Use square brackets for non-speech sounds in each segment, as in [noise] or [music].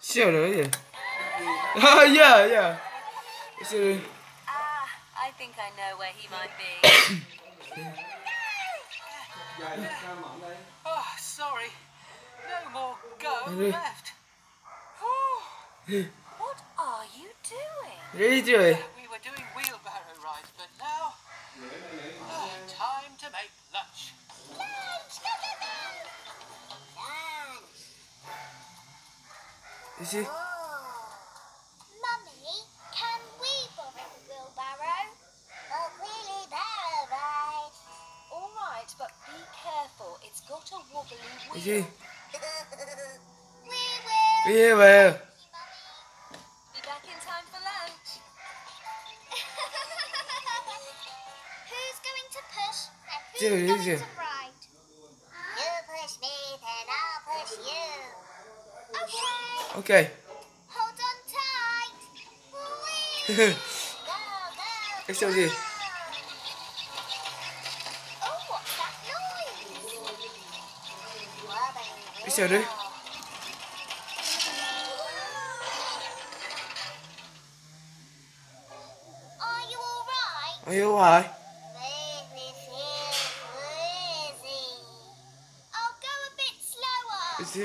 Sure, yeah. Oh, [laughs] yeah, yeah. Sure. Ah, I think I know where he might be. oh, [coughs] sorry. No more left. Oh, what are you doing? What are you doing? You see? Oh. Mummy, can It's got a wobbly You see? [laughs] we will. We will. Be back in time for lunch. [laughs] who's going to push and who's Dude, going to ride? You push me, then I'll push you. Okay. Okay. Hold on tight. Let's [laughs] do this. Oh, Let's do this. Are you alright? Is he?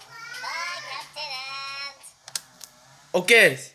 ¿O qué es?